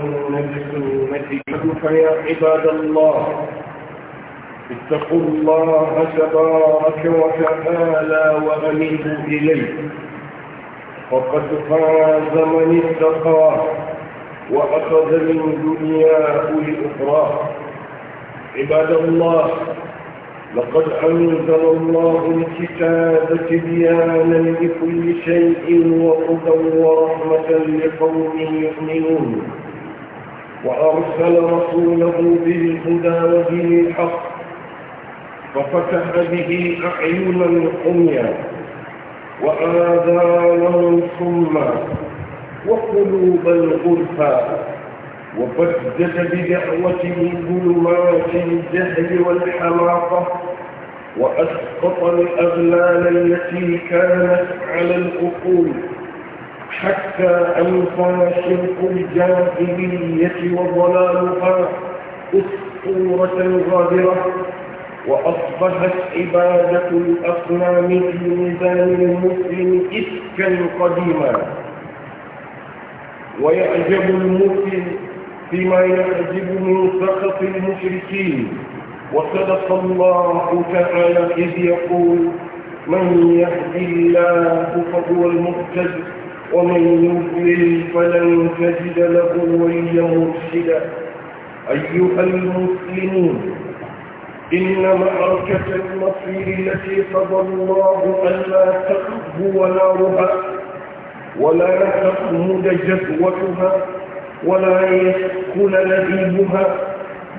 يا عباد الله اتقوا الله تبارك وتعالى وأمنوا إليه فقد فاز من اتقاه وأخذ من دنياه لأخراه عباد الله لقد أنزل الله الكتاب تبيانا لكل شيء وهدى ورحمة لقوم يؤمنون وأرسل رسوله بالهدى ودين الحق ففتح به أعين عميا وآذانا صما وقلوب الغرفة وبدد بدعوته ظلمات الجهل والحماقة وأسقط الأغلال التي كانت على الأقول حتى ألقى شرك الجاهلية وضلالها أسطورة غادرة وأصبحت عبادة الأصنام في ميزان المسلم إفكا قديما ويعجب المسلم فيما يعجب من سخط المشركين وصدق الله تعالى إذ يقول من يهدي الله فهو المهتد ومن يضلل فلن تجد له وليا مرشدا أيها المسلمون إن معركة المصير التي قضى الله ألا تخف ربا ولا تخمد جفوتها ولا يسكن لذيبها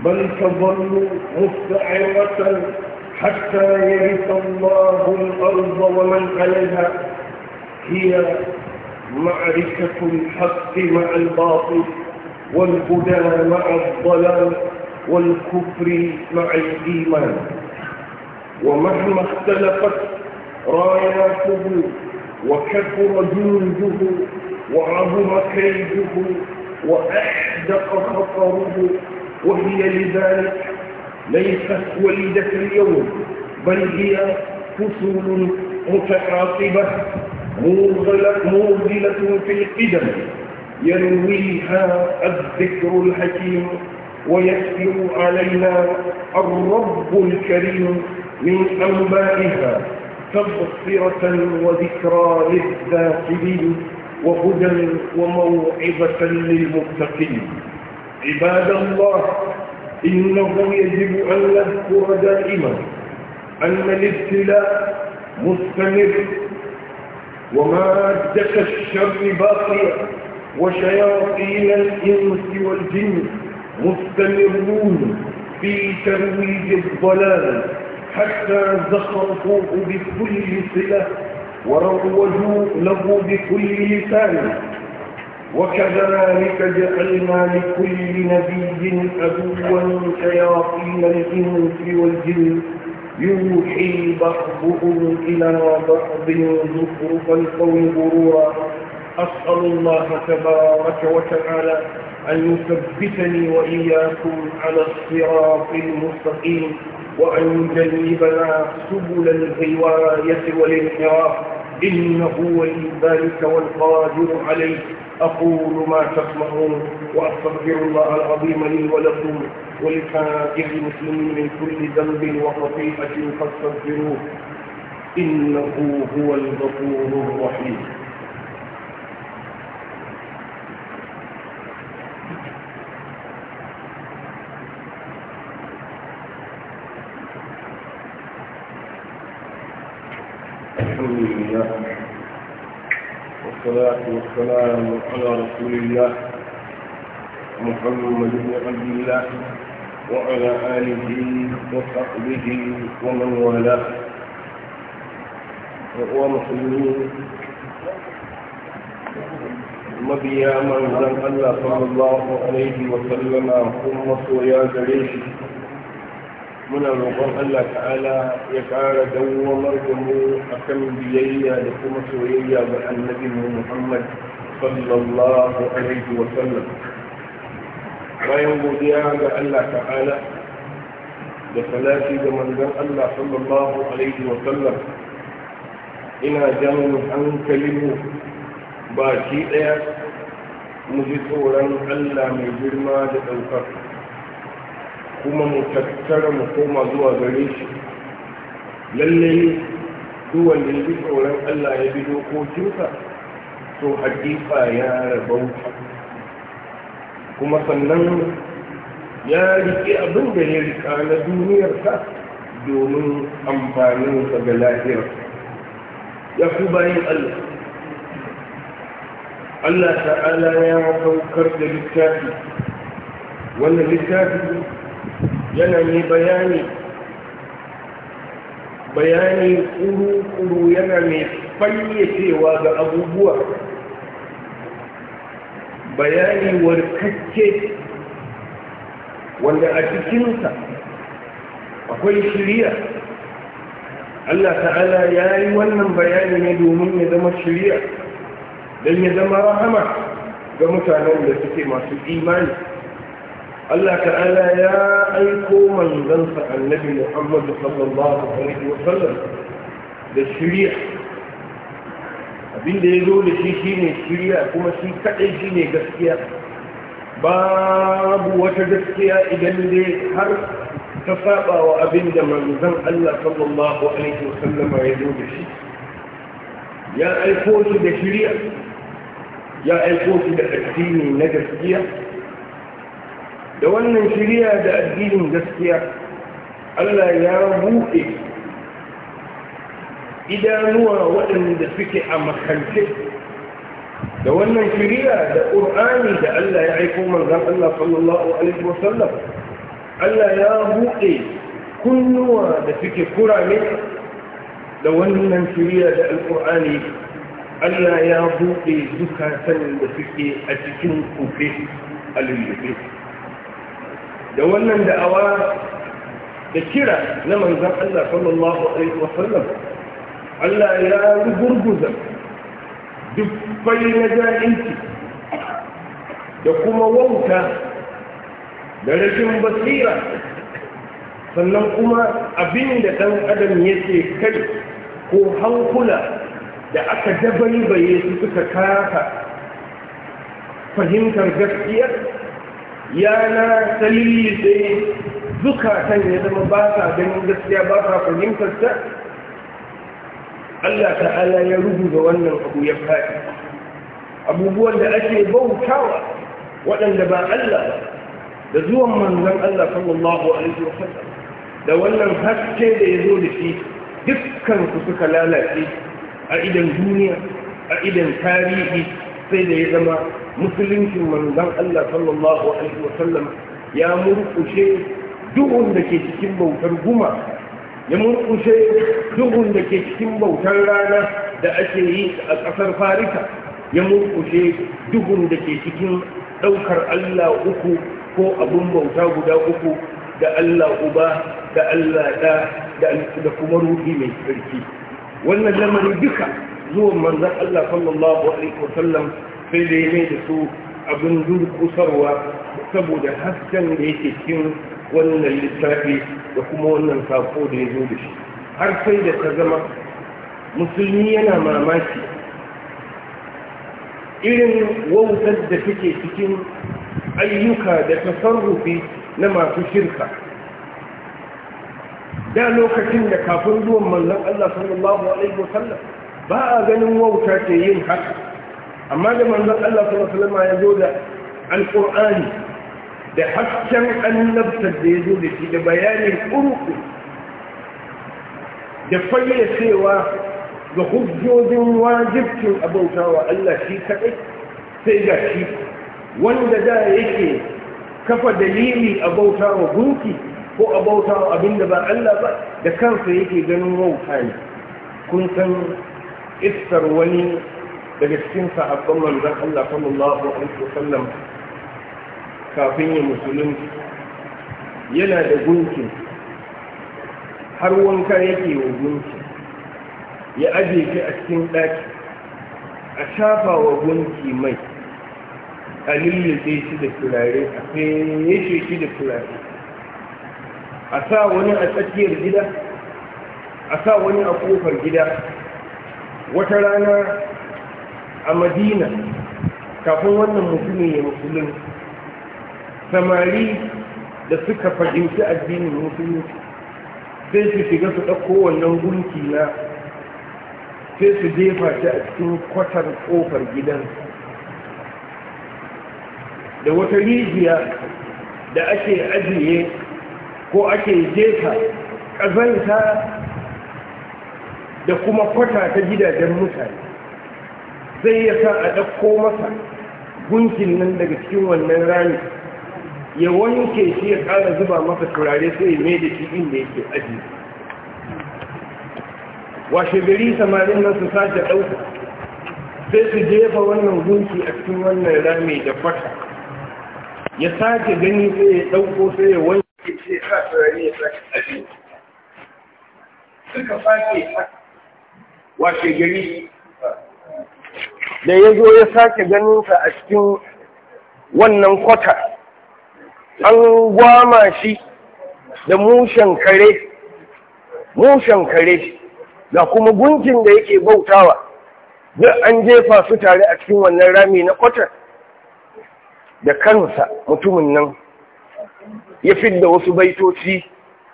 بل تظل مستعرة حتى يرث الله الأرض ومن عليها هي معرفة الحق مع الباطل والهدى مع الضلال والكفر مع الإيمان ومهما اختلفت راياته وكثر جنده وعظم كيده وأحدق خطره وهي لذلك ليست وليدة اليوم بل هي فصول متعاقبة موزلة في القدم ينويها الذكر الحكيم ويسر علينا الرب الكريم من أنبائها تبصرة وذكرى للذاكرين وهدى وموعظة للمتقين عباد الله إنه يجب أن نذكر دائما أن الابتلاء مستمر ومادة الشر باقية وشياطين الإنس والجن مستمرون في ترويج الضلال حتى زخرفوه بكل صلة وروجوا له بكل لسان وكذلك جعلنا لكل نبي أدوا شياطين الإنس والجن يوحي بعضهم إلى بعض زخرف القول غرورا أسأل الله تبارك وتعالى أن يثبتني وإياكم على الصراط المستقيم وأن يجنبنا سبل الغواية والانحراف إنه ولي ذلك والقادر عليه أقول ما تسمعون وأستغفر الله العظيم لي ولكم ولسائر المسلمين من كل ذنب وخطيئة فاستغفروه إنه هو الغفور الرحيم والصلاة والسلام على رسول الله محمد بن عبد الله وعلى آله وصحبه ومن والاه ومسلمين مبيا من زن الله صلى الله عليه وسلم ثم سويا جليل من الله الله تعالى يكار دو مرجم أكم بيئي لكم سوئي بأنك محمد صلى الله عليه وسلم وينبو هذا الله تعالى لثلاثي من الله صلى الله عليه وسلم إنا جمل أن كلمه باشي إيه مجدورا ألا من جرما لتوقفه kuma mu tattara mu koma zuwa gare shi lalle duk wanda ya bi tsoron Allah ya bi dokokinsa to hakika ya rabauta kuma sannan ya riƙe abin da ya riƙa na duniyarsa domin amfaninsa ga lahira ya ku bayan Allah Allah ta'ala ya saukar da littafi wannan littafi yana ne bayani bayani kuru-kuru yana mai fayyacewa ga abubuwa bayani warkakke wanda a cikinsa akwai shirya Allah ta'ala ya yi wannan bayani ne domin ya zama shirya don ya zama rahama ga mutanen da suke masu imani Allah ta'ala ya aiko manzansa annabi Muhammad sallallahu alaihi wa sallam da shirya abinda ya zo da shi shine shirya kuma shi kadai shine gaskiya babu wata gaskiya idan dai har ta saba wa abinda manzan Allah sallallahu alaihi wa sallama ya zo da shi ya aiko shi da shirya ya aiko shi da addini na gaskiya da wannan shirya da addinin gaskiya Allah ya buɗe idanuwa waɗanda suke a makance da wannan shirya da ƙur'ani da Allah ya aiko manzan Allah sallallahu alaihi wasallam Allah ya buɗe kunnuwa da suke kurame da wannan shirya da alƙur'ani Allah ya buɗe zukatan da suke a cikin kufe a lullufe da wannan da'awa da kira na manzan Allah sallallahu alaihi wasallam Allah ya gurguza duk fai na jahilci da kuma wauta da rashin basira sannan kuma abin da ɗan adam yake kai ko hankula da aka dabaibaye su suka kasa fahimtar gaskiyar yana salillice zukatan ya zama ba sa ganin gaskiya ba sa fahimtar ta Allah ta'ala ya rubuta wannan abu ya faɗi abubuwan da ake bautawa waɗanda ba Allah da zuwan manzon Allah sallallahu alaihi wasallam da wannan haske da ya zo da shi dukkan su suka lalace a idan duniya a idan tarihi sai da ya zama musuluncin manzan Allah sallallahu alaihi wasallam ya murkushe duhun da ke cikin bautar guma ya murkushe duhun da ke cikin bautar rana da ake yi a ƙasar farisa ya murkushe duhun da ke cikin ɗaukar Allah uku ko abun bauta guda uku da Allah uba da Allah da da kuma ruhi mai tsarki wannan lamari duka zuwan manzan Allah sallallahu alaihi wasallam sai da ya mai da su abin durkusarwa saboda hasken da yake cikin wannan littafi da kuma wannan sako da ya zo da shi har sai da ta zama musulmi yana mamaki irin wautar da take cikin ayyuka da tasarrufi na masu shirka da lokacin da kafin zuwan manzon Allah sallallahu alaihi wasallam ba a ganin wauta ce yin haka amma da manzon Allah sallallahu alaihi wasallam ya zo da alqur'ani da hasken annabtar da ya zo da shi da bayanin uruku da fayyacewa ga hujjojin wajibcin abautawa Allah shi kaɗai sai ga shi wanda da yake kafa dalili abautawa gunki ko abautawa abinda ba Allah ba da kansa yake ganin wauta ne kun san iskar wani daga cikin sahabban manzon Allah sallallahu alaihi wasallam kafin ya musulunci yana da gunki har wanka yake wa gunki ya aje shi a cikin ɗaki a shafa wa gunki mai a lullube shi da turare a fayyace shi da turare a sa wani a tsakiyar gida a sa wani a kofar gida wata rana a madina kafin wannan mutumin ya musulun samari da suka fahimci addinin musulunci sai su shiga su ɗauko wannan gunki na sai su jefa shi a cikin kwatar ƙofar gidan da wata rijiya da ake ajiye ko ake jefa ƙazanta da kuma kwata ta gidajen mutane zai ya sa a ɗauko masa gunkin nan daga cikin wannan rami ya wanke shi ya ƙara zuba masa turare sai ya mai da shi inda yake aji washe gari samarin nan su sace ɗauka sai su jefa wannan gunki a cikin wannan rami da fata ya sace gani sai ya ɗauko sai ya wanke shi ya sa turare ya sake aji suka sake washe gari da ya zo ya sake ganinsa a cikin wannan kwata an gwama shi da mushen kare mushen kare da kuma gunkin da yake bautawa duk an jefa su tare a cikin wannan rami na kwatar da kansa mutumin nan ya fidda wasu baitoci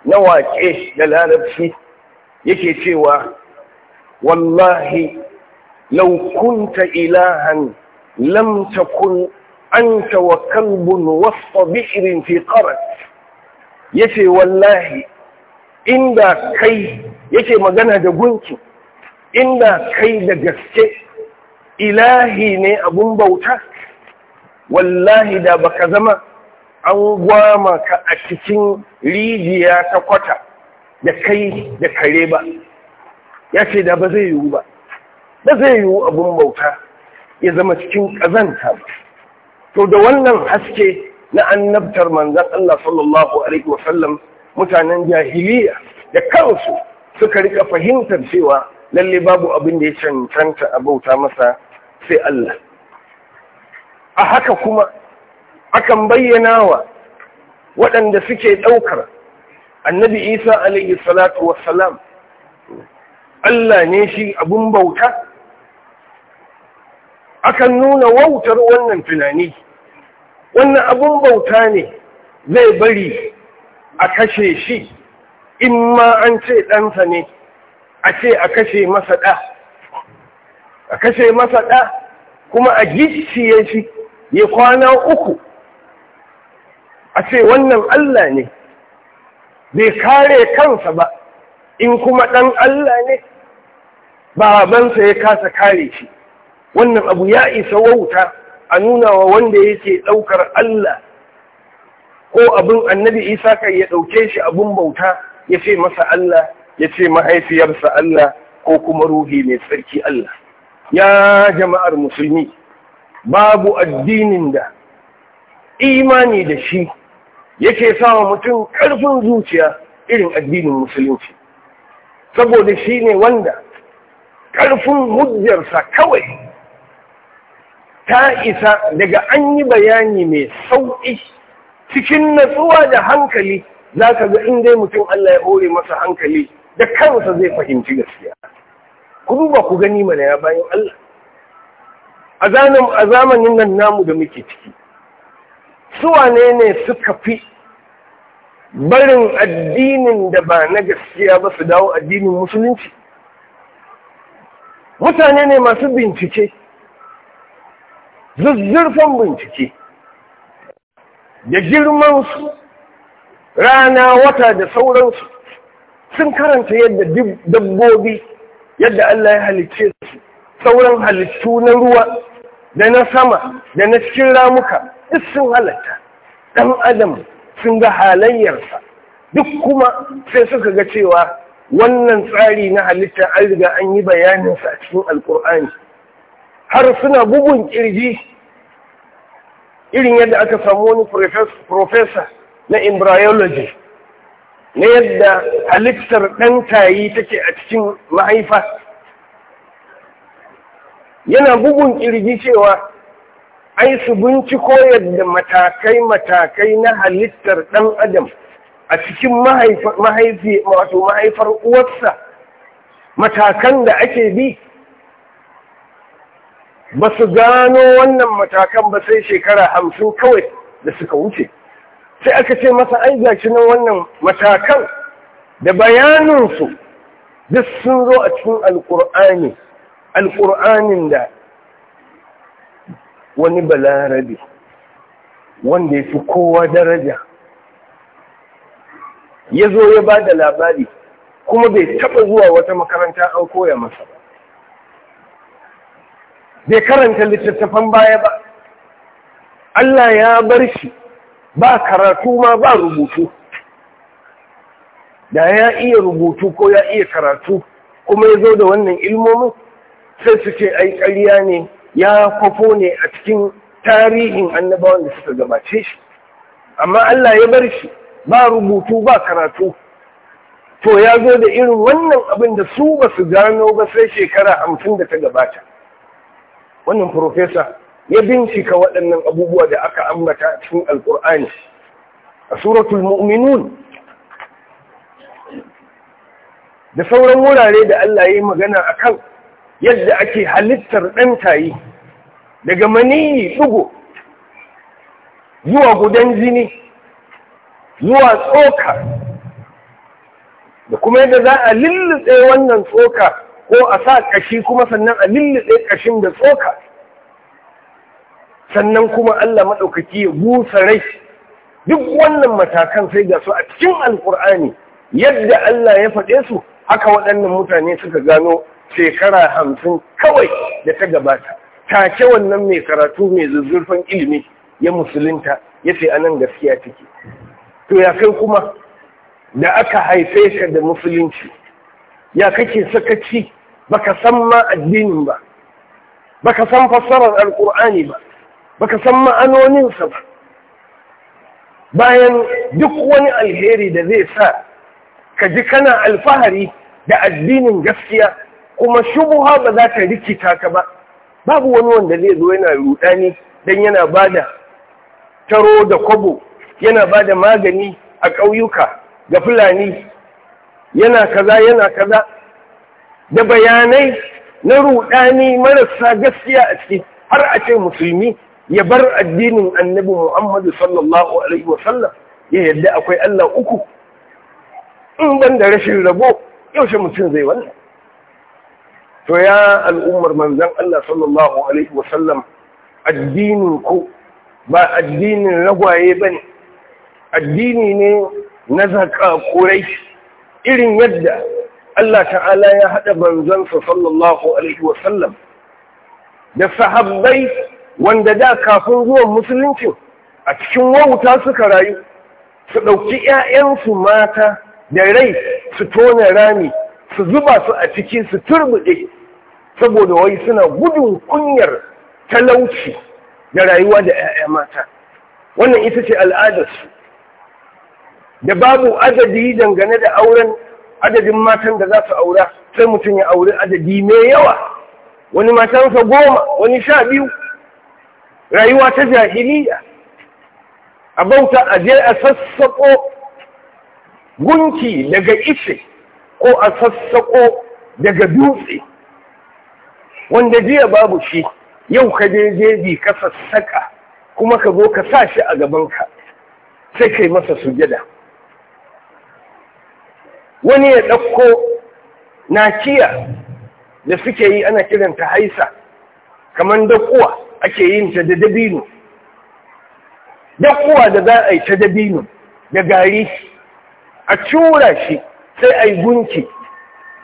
na waƙe da larabci yake cewa wallahi Laukunta كنت إلها لم تكن أنت وكلب وسط بئر في قرد yace wallahi inda kai yake magana da gunki inda kai da gaske ilahi ne abun bauta wallahi da baka zama an gwama ka a cikin rijiya ta kwata da kai da kare ba yace da ba zai yiwu ba ba zai yiwu abun bauta ya zama cikin ƙazanta ba to da wannan haske na annabtar manzan Allah sallallahu alaihi wasallam mutanen jahiliya da kansu suka rika fahimtar cewa lalle babu abin da ya cancanta a bauta masa sai Allah a haka kuma akan bayyana wa waɗanda suke ɗaukar annabi isa alaihi salatu wassalam Allah ne shi abun bauta akan nuna wautar wannan tunani wannan abun bauta ne zai bari a kashe shi in ma an ce ɗansa ne a ce a kashe masa ɗa a kashe masa ɗa kuma a gicciye shi ya kwana uku a ce wannan Allah ne bai kare kansa ba in kuma ɗan Allah ne babansa ya kasa kare shi wannan abu ya isa wauta a nuna wa wanda yake ɗaukar Allah ko abin annabi isa kai ya ɗauke shi abin bauta ya ce masa Allah ya ce mahaifiyarsa Allah ko kuma ruhi mai tsarki Allah ya jama'ar musulmi babu addinin da imani da shi yake sawa mutum ƙarfin zuciya irin addinin musulunci saboda shi ne wanda ƙarfin hujjarsa kawai ta isa daga an yi bayani mai sauƙi cikin natsuwa da hankali za ka ga in dai mutum Allah ya hore masa hankali da kansa zai fahimci gaskiya ku ba ku gani mana ya bayan Allah a zamanin nan namu da muke ciki su ne suka fi barin addinin da ba na gaskiya ba su dawo addinin musulunci mutane ne masu bincike zuzzurfan bincike da girmansu rana wata da sauransu sun karanta yadda dabbobi yadda Allah ya halicce su sauran halittu na ruwa da na sama da na cikin ramuka duk sun halatta ɗan adam sun ga halayyarsa duk kuma sai suka ga cewa wannan tsari na halitta an riga an yi bayaninsa a cikin alkur'ani har suna bugun kirji irin yadda aka samu wani profesa na embryology na yadda halittar ɗan tayi take a cikin mahaifa yana bugun kirji cewa ai su binciko da matakai-matakai na halittar ɗan adam a cikin mahaifar uwarsa matakan da ake bi ba su gano wannan matakan ba sai shekara hamsin kawai da suka wuce sai aka ce masa ai gashi na wannan matakan da bayaninsu duk sun zo a cikin alkur'ani alkur'anin da wani balarabe wanda ya fi kowa daraja ya zo ya ba da labari kuma bai taɓa zuwa wata makaranta an koya masa ba bai karanta littattafan baya ba Allah ya bar shi ba karatu ma ba rubutu da ya iya rubutu ko ya iya karatu kuma ya zo da wannan ilmomin sai su ce ai ƙarya ne ya kwafo ne a cikin tarihin annabawan da suka gabace shi amma Allah ya bar shi ba rubutu ba karatu to ya zo da irin wannan abin da su ba su gano ba sai shekara hamsin da ta gabata wannan profesa ya bincika waɗannan abubuwa da aka ambata cikin alkur'ani a suratul mu'minun da sauran wurare da Allah ya yi magana a kan yadda ake halittar ɗantayi daga maniyi ɗugo zuwa gudan jini zuwa tsoka da kuma yadda za a lullutse wannan tsoka ko a sa ƙashi kuma sannan a lulluɗe ƙashin da tsoka sannan kuma Allah maɗaukaki ya busa rai duk wannan matakan sai ga su a cikin alƙur'ani yadda Allah ya faɗe su haka waɗannan mutane suka gano shekara hamsin kawai da ta gabata take wannan mai karatu mai zuzzurfan ilimi ya musulunta ya ce anan gaskiya take to ya kai kuma da aka haife ka da musulunci ya kake sakaci baka san ma addinin ba baka san fassarar alkur'ani ba baka san ma'anoninsa ba bayan duk wani alheri da zai sa ka ji kana alfahari da addinin gaskiya kuma shubuha ba za ta rikita ka ba babu wani wanda zai zo yana rudani dan yana bada taro da kwabo yana bada magani a ƙauyuka ga fulani yana kaza yana kaza da bayanai na ruɗani marasa gaskiya a ciki har a ce musulmi ya bar addinin annabi Muhammadu sallallahu alaihi wasallam ya yadda akwai Allah uku in ban da rashin rabo yaushe mutum zai wannan to ya al'ummar manzan Allah sallallahu alaihi wasallam addinin ku ba addinin ragwaye ba ne. addini ne na zakakurai irin yadda Allah ta'ala ya haɗa manzansa sallallahu alaihi wasallam da sahabbai wanda da kafin zuwan musulunci a cikin wauta suka rayu su ɗauki 'ya'yansu mata da rai su tona rami su zuba su a ciki su turbuɗe saboda wai suna gudun kunyar talauci da rayuwa da 'ya'ya mata wannan ita ce al'adarsu da babu adadi dangane da auren adadin matan da za su aura sai mutum ya auri adadi mai yawa wani matansa goma wani sha biyu rayuwa ta jahiliya a bauta a je a sassaƙo gunki daga ishe ko a sassaƙo daga dutse wanda jiya babu shi yau ka je jeji ka sassaƙa kuma ka zo ka sa shi a gabanka sai kai masa sujada. wani ya ɗauko nakiya da suke yi ana kiranta haisa kamar dakuwa ake yin ta da dabino dakuwa da za a yi ta dabino da gari a cura shi sai a yi gunki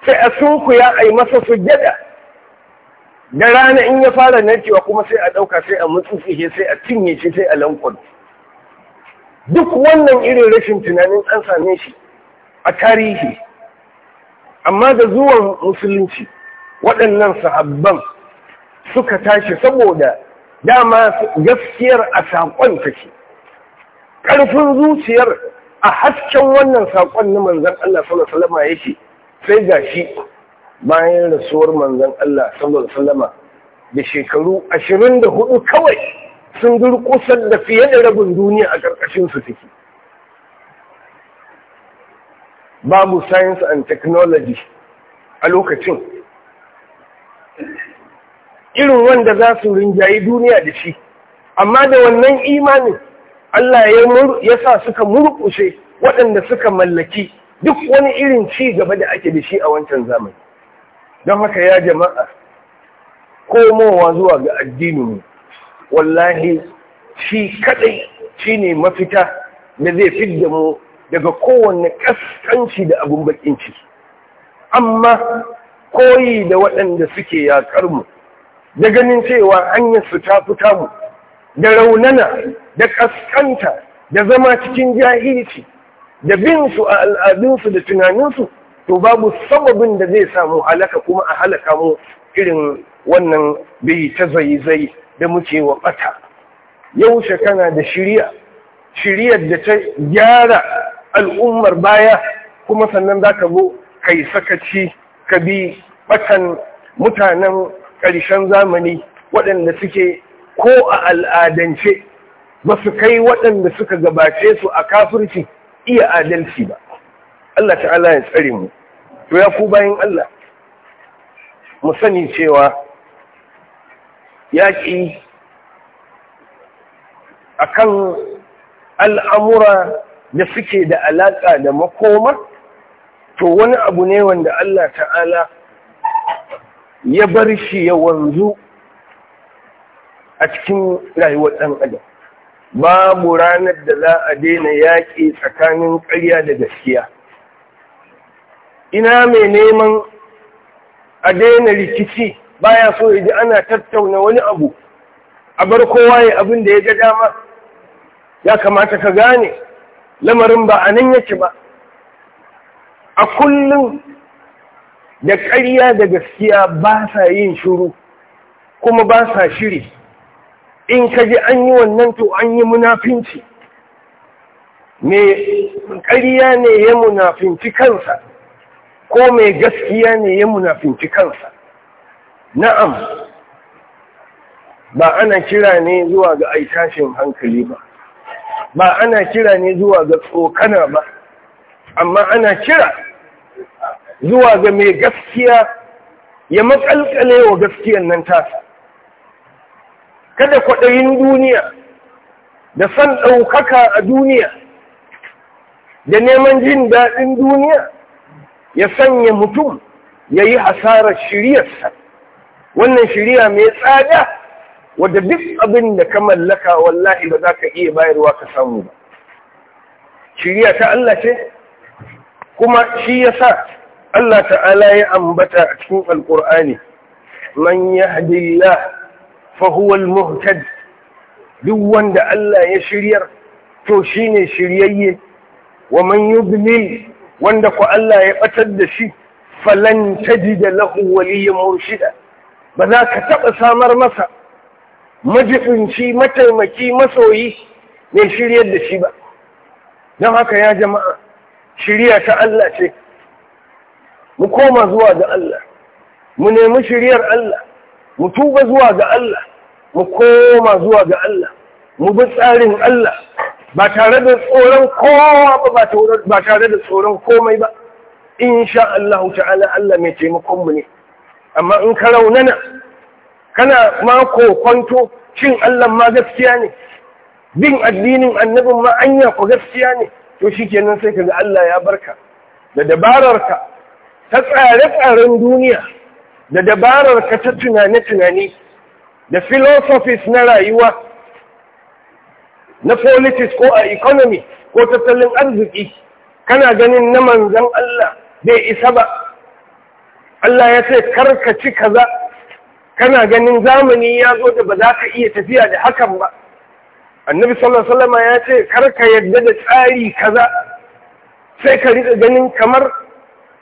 sai a sunkuya a yi masa gyada. da rana in ya fara narkewa kuma sai a ɗauka sai a mutsutsihe sai a cinye shi sai a lankwar duk wannan irin rashin tunanin an same shi a tarihi amma da zuwan musulunci waɗannan sahabban suka tashi saboda dama gaskiyar a saƙon take ƙarfin zuciyar a hasken wannan saƙon na manzan Allah sallallahu alaihi yake sai ga shi bayan rasuwar manzan Allah sallallahu alaihi da shekaru ashirin da hudu kawai sun durƙusar da fiye da rabin duniya a ƙarƙashin su take babu science and technology a lokacin irin wanda za su rinjayi duniya da shi amma da wannan imanin Allah ya sa suka murkushe waɗanda suka mallaki duk wani irin ci gaba da ake da shi a wancan zamani don haka ya jama'a komowa zuwa ga addini wallahi shi kaɗai shi ne mafita da zai fi da mu daga kowane kaskanci da abin bakin ciki amma koyi da waɗanda suke yakar mu da ganin cewa hanyar su ta fita mu da raunana da kaskanta da zama cikin jahilci da bin su a al'adunsu da tunaninsu to babu sababin da zai samu halaka kuma a halaka mu irin wannan bai ta zai-zai da muke wa ɓata. Yaushe kana da shirya, shiryar da ta gyara al'ummar baya kuma sannan za ka zo ka yi sakaci ka bi ɓatan mutanen ƙarshen zamani waɗanda suke ko a al'adance ba su kai waɗanda suka gabace su a kafirci iya adalci ba Allah ta'ala ya tsare mu to ya ku bayan Allah mu sani cewa yaƙi a kan al'amura da suke da alaƙa da makoma to wani abu ne wanda Allah ta'ala ya bar shi ya wanzu a cikin rayuwar ɗan adam babu ranar da za a daina yaƙi tsakanin ƙarya da gaskiya ina mai neman a daina rikici baya so ya ji ana tattauna wani abu a bar kowa ya abin da ya ga dama ya kamata ka gane lamarin ba a nan yake ba a kullum da ƙarya da gaskiya ba sa yin shuru kuma ba sa shiri in ka ji an yi wannan to an yi munafinci Me ƙarya ne ya munafinci kansa ko mai gaskiya ne ya munafinci kansa na'am ba ana kira ne zuwa ga tashin hankali ba ba ana kira ne zuwa ga tsokana ba amma ana kira zuwa ga mai gaskiya ya makalkale wa gaskiyan nan tasa kada kwaɗayin duniya da san ɗaukaka a duniya da neman jin daɗin duniya ya sanya mutum ya yi hasarar shiriyarsa wannan shiriya mai tsada wadda duk abin da ka mallaka wallahi ba za ka iya bayarwa ka samu ba Shirya ta Allah ce kuma shi ya sa Allah ta'ala ya ambata a cikin alkur'ani man yahdillah fa huwa muhtad duk wanda Allah ya shiryar to shine shiryayye wa man yudlil wanda ku Allah ya batar da shi falan tajida lahu waliyyan murshida ba za ka taba samar masa majifinci mataimaki masoyi mai shiryar da shi ba don haka ya jama'a shirya ta Allah ce mu koma zuwa ga Allah mu nemi shiryar Allah mu tuba zuwa ga Allah mu koma zuwa ga Allah mu bi tsarin Allah ba tare da tsoron kowa ba ba tare da tsoron komai ba insha Allah ta'ala Allah mai taimakon mu ne amma in ka raunana kana mako kwanto cin Allah ma gaskiya ne bin addinin annabin ma anya ko gaskiya ne to shikenan sai kaga Allah ya barka da dabararka ta tsare-tsaren duniya da dabararka ta tunane-tunane da filosofis na rayuwa na politics ko a economy ko tattalin arziki kana ganin na manzan Allah bai isa ba Allah ya ce karka ci kaza kana ganin zamani ya zo da ba za ka iya tafiya da hakan ba annabi sallallahu alaihi wasallam ya ce kar ka yadda da tsari kaza sai ka riƙa ganin kamar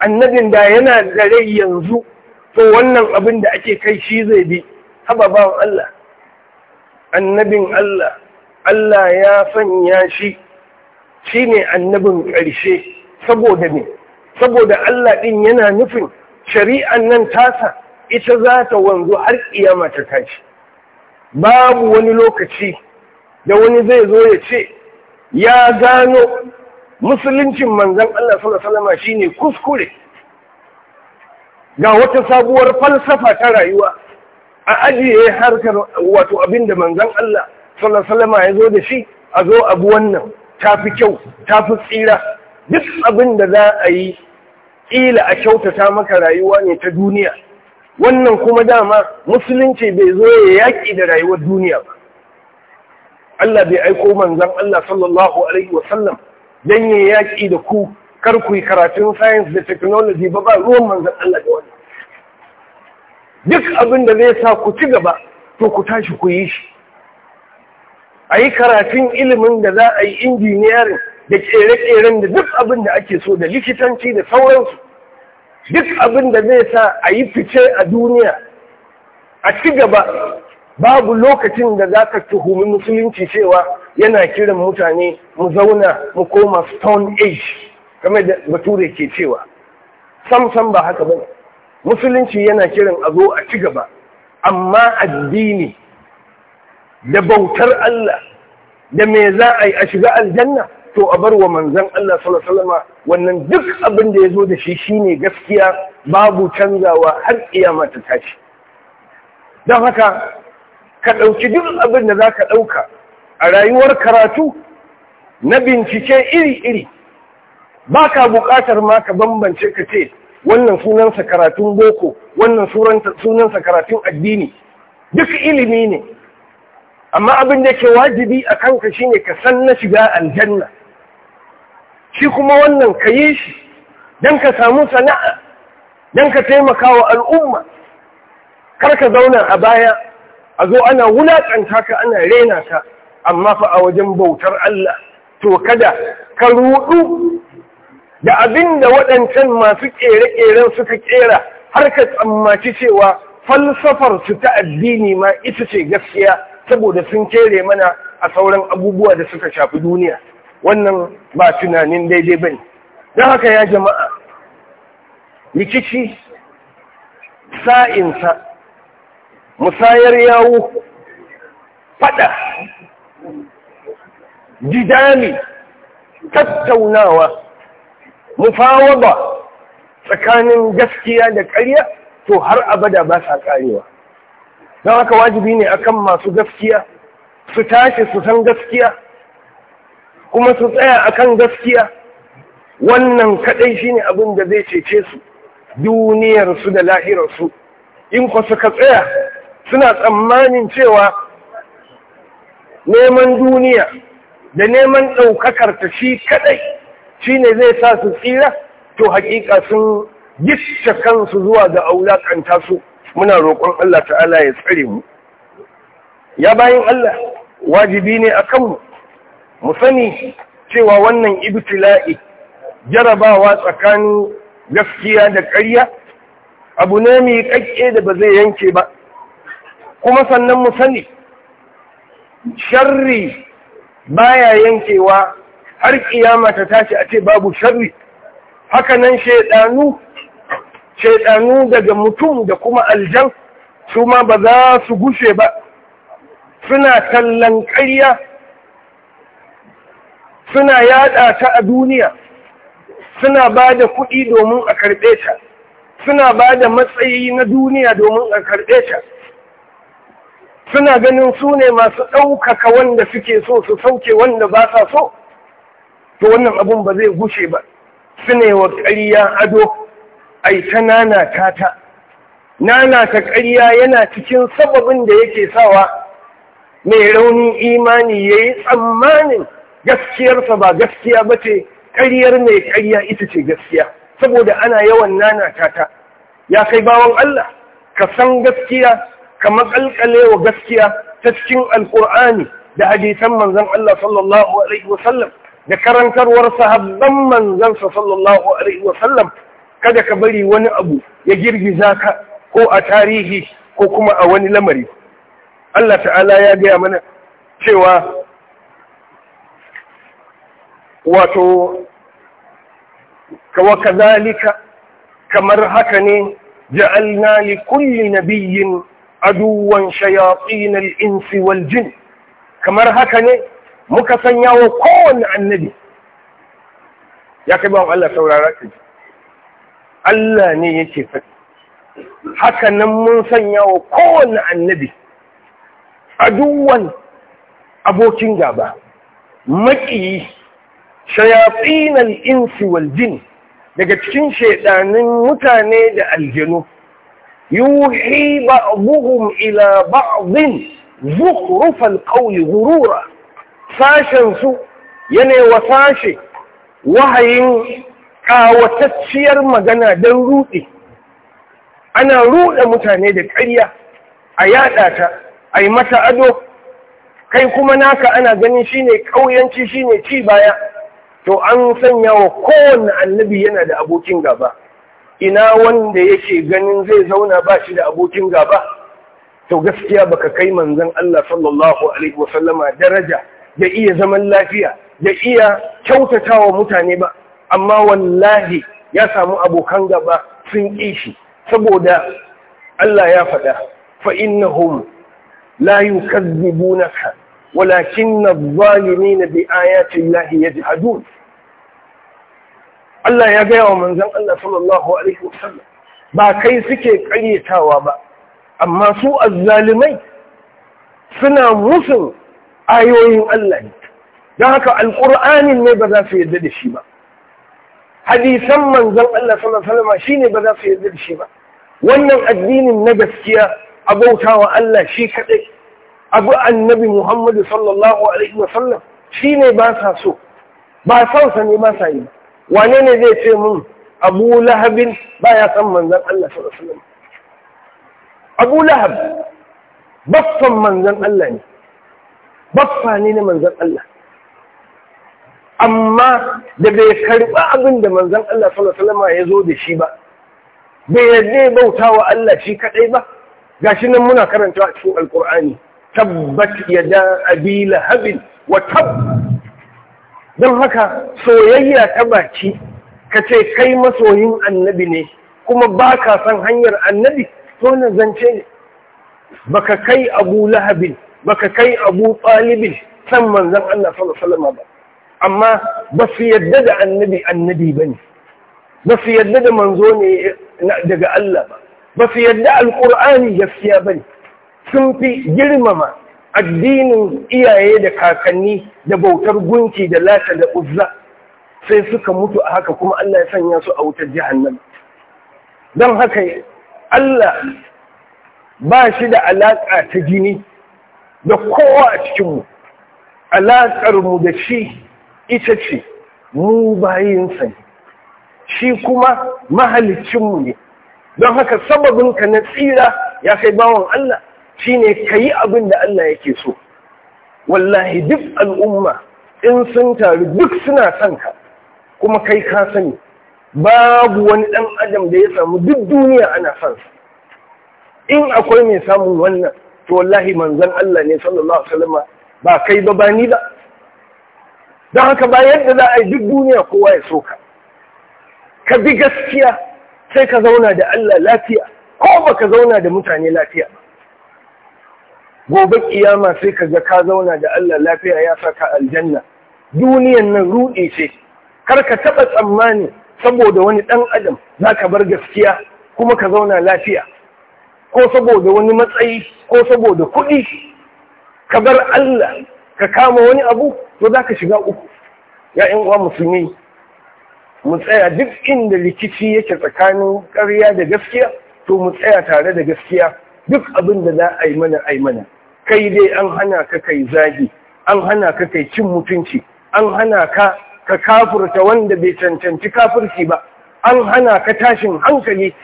annabin da yana da rai yanzu to wannan abin da ake kai shi zai bi haba Allah annabin Allah Allah ya sanya shi shine annabin ƙarshe saboda me saboda Allah ɗin yana nufin shari'an nan tasa ita za ta wanzu har iyama ta tashi babu wani lokaci da wani zai zo ya ce ya gano musuluncin manzan Allah sallallahu shi ne kuskure ga wata sabuwar falsafa ta rayuwa a ajiye harkar wato abinda manzan Allah sallallahu ya zo da shi a zo abu wannan ta fi kyau ta fi tsira duk abin da za a yi ƙila a kyautata maka rayuwa ne ta duniya wannan kuma dama musulunci bai zo ya yaƙi da rayuwar duniya ba Allah bai aiko manzan Allah sallallahu alaihi wasallam dan ya yaƙi da ku kar ku yi karatun science da technology ba ba ruwan manzan Allah da wani duk abin da zai sa ku ci gaba to ku tashi ku yi shi a yi karatun ilimin da za a yi injiniyarin da ƙere-ƙeren da duk abin da ake so da likitanci da sauransu duk abin da zai sa a yi fice a duniya a ci gaba babu lokacin da za ka tuhumi musulunci cewa yana kiran mutane mu zauna mu koma stone age game da bature ke cewa sam sam ba haka ba musulunci yana kiran a zo a ci gaba amma addini da bautar Allah da me za a yi a shiga aljanna to a bar wa manzon Allah sallallahu alaihi wasallam wannan duk abin da ya zo da shi shine gaskiya babu canzawa har kiyama ta tashi don haka ka ɗauki duk abin da za ka ɗauka a rayuwar karatu na bincike iri-iri ba ka buƙatar ma ka bambance ka ce wannan sunansa karatun boko wannan sunansa karatun addini duk ilimi ne amma abin da ke wajibi a kanka shine ka san na shiga aljanna shi kuma wannan ka yi shi don ka samu sana'a don ka taimaka wa al'umma kar ka zauna a baya a zo ana wulaƙanta ka ana rena ka amma fa a wajen bautar Allah to kada ka ruɗu da abin da waɗancan masu ƙere-ƙeren suka ƙera har ka tsammaci cewa falsafar su ta addini ma ita ce gaskiya saboda sun kere mana a sauran abubuwa da suka shafi duniya. wannan ba tunanin daidai ba ne don haka ya jama'a rikici sa'insa musayar yawo fada jidali tattaunawa mufawaba tsakanin gaskiya da ƙarya to har abada ba sa ƙarewa don haka wajibi ne akan masu gaskiya su tashi su san gaskiya kuma su tsaya akan gaskiya wannan kadai shine abin da zai cece su duniyarsu da lahirarsu in ku suka tsaya suna tsammanin cewa neman duniya da neman ɗaukakar ta shi kadai shine zai sa su tsira to hakika sun gicce kansu zuwa ga aulakanta su muna roƙon Allah ta'ala ya tsare mu ya bayin Allah wajibi ne a kanmu. mu sani cewa wannan ibtila'i jarabawa tsakanin gaskiya da ƙarya abu ne mai kakke da ba zai yanke ba kuma sannan mu sani sharri baya yankewa har kiyama ta tashi a ce babu sharri hakanan shaidanu shaidanu daga mutum da kuma aljan su ma ba za su gushe ba suna kallon ƙarya suna yada ta a duniya suna ba da kuɗi domin a karɓe ta suna ba da matsayi na duniya domin a karɓe ta suna ganin su ne masu ɗaukaka wanda suke so su sauke wanda ba sa so to wannan abun ba zai gushe ba su ne wa ƙarya ado ai ta nanata ta nanata ƙarya yana cikin sababin da yake sawa mai raunin imani ya yi tsammanin gaskiyarsa ba gaskiya ba ce ƙaryar mai ƙarya ita ce gaskiya saboda ana yawan nanata ta ya kai bawan Allah ka san gaskiya ka makalkale wa gaskiya ta cikin alƙur'ani da hadisan manzon Allah sallallahu alaihi sallam da karantarwar sahabban manzansa sallallahu alaihi sallam. kada ka bari wani abu ya girgiza ka ko a tarihi ko kuma a wani lamari Allah ta'ala ya gaya mana cewa wato kawa kazalika kamar haka ne ja'alna li kulli nabiyyin aduwan shayatin al-insi wal jin kamar haka ne muka sanya wa kowanne annabi ya kai bawan Allah saurara ka Allah ne yake faɗi haka nan mun sanya wa kowanne annabi aduwan abokin gaba maƙiyi shayafinan insi wal daga cikin shaidanin mutane da aljanu yuhi ba'dhum ila ba'dhin zukhrufal qawli ghurura sashen su yana wa sashe wahayin ƙawatacciyar magana don ruɗe ana ruɗe mutane da ƙarya a yaɗa ta a yi mata ado kai kuma naka ana ganin shine ƙauyanci shine ci baya to an sanya wa kowanne annabi yana da abokin gaba ina wanda yake ganin zai zauna ba shi da abokin gaba to gaskiya baka kai manzon Allah sallallahu alaihi wasallama daraja da iya zaman lafiya da iya kyautatawa mutane ba amma wallahi ya samu abokan gaba sun ƙi shi saboda Allah ya faɗa fa innahum la yukazzibunaka walakinna adh-dhalimina bi ya llahi Allah ya gaya wa Manzan Allah sallallahu alaihi wasallam ba kai suke ƙaryatawa ba amma su azzalimai suna musun ayoyin Allah ne don haka alƙur'anin ne ba za su yarda da shi ba hadisan Manzan Allah sallallahu alaihi wasallam shine ba za su yarda da shi ba wannan addinin na gaskiya abautawa Allah shi kadai abu annabi Muhammad sallallahu alaihi wasallam shine ba sa so ba son sa ne ba sa yi ba wane ne zai ce mun abu lahabin ya san manzan Allah sallallahu alaihi wasallam abu lahab baffan manzan Allah ne baffa ne na manzan Allah amma da bai karɓi abin da manzan Allah sallallahu alaihi ya zo da shi ba bai yadda ya bauta wa Allah shi kaɗai ba shi nan muna karanta cikin alkur'ani tabbat yada abi lahabin wa tabbat don haka soyayya ta baki ka ce kai masoyin annabi ne kuma ba ka san hanyar annabi to na zance ne baka kai abu lahabin baka kai abu ɗalibin san manzan Allah salasalama ba amma ba su yadda da annabi annabi ba ne ba su yadda da manzo ne daga Allah ba ba su yadda alƙur'ani gaskiya ba ne sun fi girmama addinin iyaye da kakanni da bautar gunki da lata da uzza sai suka mutu a haka kuma Allah ya sanya su a wutar jahannama don haka Allah ba shi da alaƙa ta jini da kowa a cikinmu alaƙarmu da shi ita ce mu bayinsa ne shi kuma mahalicinmu ne don haka ka na tsira ya kai bawan Allah shine kayi abin da Allah yake so wallahi duk al'umma in sun taru duk suna son ka kuma kai ka sani babu wani ɗan adam da ya samu duk duniya ana son sa in akwai mai samun wannan to wallahi manzon Allah ne sallallahu alaihi wasallam ba kai ba ba ni ba don haka ba yadda za a yi duk duniya kowa ya so ka ka bi gaskiya sai ka zauna da Allah lafiya ko baka zauna da mutane lafiya ba gobe kiyama sai ka ga ka zauna da Allah lafiya ya sa ka aljanna duniyan nan ruɗe ce kar ka taɓa tsammani saboda wani ɗan adam za ka bar gaskiya kuma ka zauna lafiya ko saboda wani matsayi ko saboda kuɗi ka bar Allah ka kama wani abu to za ka shiga uku ya uwa musulmi mu tsaya duk inda rikici yake tsakanin ƙarya da gaskiya to mu tsaya tare da gaskiya duk abin da za a yi mana a yi mana kai dai an hana ka kai zagi an hana ka kai cin mutunci an hana ka ka kafurta wanda bai cancanci kafurci ba an hana ka tashin hankali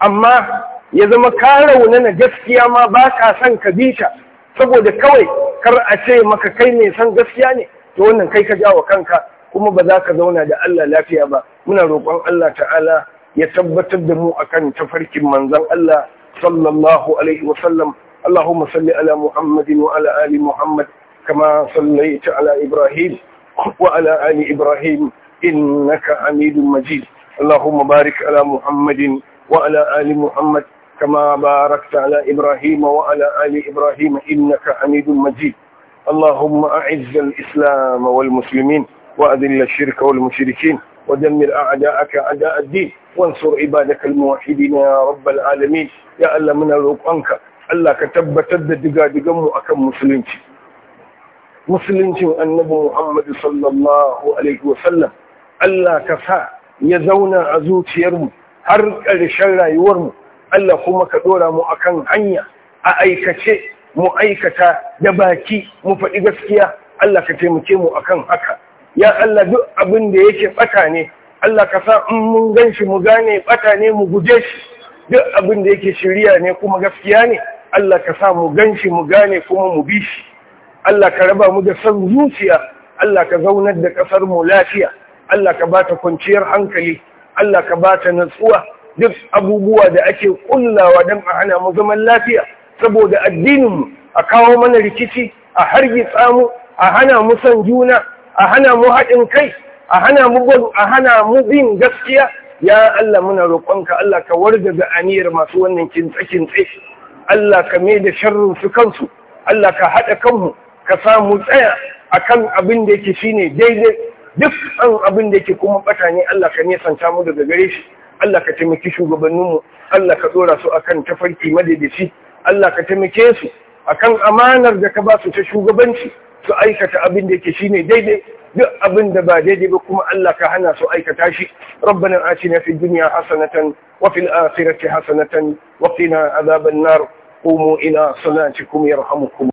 amma ya zama ka raunana gaskiya ma ba ka son ka bi ta saboda kawai kar a ce maka kai mai son gaskiya ne to wannan kai ka jawo kanka kuma ba za ka zauna da Allah lafiya ba muna roƙon Allah ta'ala ya tabbatar da mu akan tafarkin manzon Allah sallallahu alaihi wa اللهم صل على محمد وعلى آل محمد كما صليت على إبراهيم وعلى آل إبراهيم إنك حميد مجيد اللهم بارك على محمد وعلى آل محمد كما باركت على إبراهيم وعلى آل إبراهيم إنك حميد مجيد اللهم أعز الإسلام والمسلمين وأذل الشرك والمشركين ودمر أعداءك أعداء الدين وانصر عبادك الموحدين يا رب العالمين يا ألمنا من Allah ka tabbatar da digadiganmu a kan musulunci musuluncin annabi Muhammadu sallallahu alaihi wasallam Allah ka sa ya zauna a zuciyarmu har ƙarshen rayuwarmu Allah kuma ka ɗora mu a kan hanya a aikace mu aikata da baki mu faɗi gaskiya Allah ka taimake mu akan haka ya Allah duk abin da yake ɓata ne Allah ka sa in mun gan shi mu gane ɓata ne mu guje shi duk abin da yake shirya ne kuma gaskiya ne Allah ka sa mu ganshi mu gane kuma mu bi shi Allah ka raba mu da san zuciya Allah ka zaunar da kasar mu lafiya Allah ka bata kwanciyar hankali Allah ka bata natsuwa duk abubuwa da ake kullawa don a hana mu zaman lafiya saboda addinin mu a kawo mana rikici a hargitsa mu a hana mu san juna a hana mu haɗin kai a hana mu a hana mu bin gaskiya ya Allah muna roƙonka Allah ka warda da aniyar masu wannan kintse-kintse Allah ka mai da sharrin su kansu Allah ka haɗa kanmu ka samu tsaya akan abin da yake shine daidai duk an abin da yake kuma bata ne Allah ka nesanta mu daga gare shi Allah ka taimaki shugabanninmu Allah ka dora su akan tafarki madadaci Allah ka taimake su akan amanar da ka ba su ta shugabanci su aikata abin da yake shine daidai duk abin da ba daidai ba kuma Allah ka hana su aikata shi rabbana atina fid dunya hasanatan wa fil akhirati hasanatan wa qina adhaban nar qumu ila salatikum yarhamukum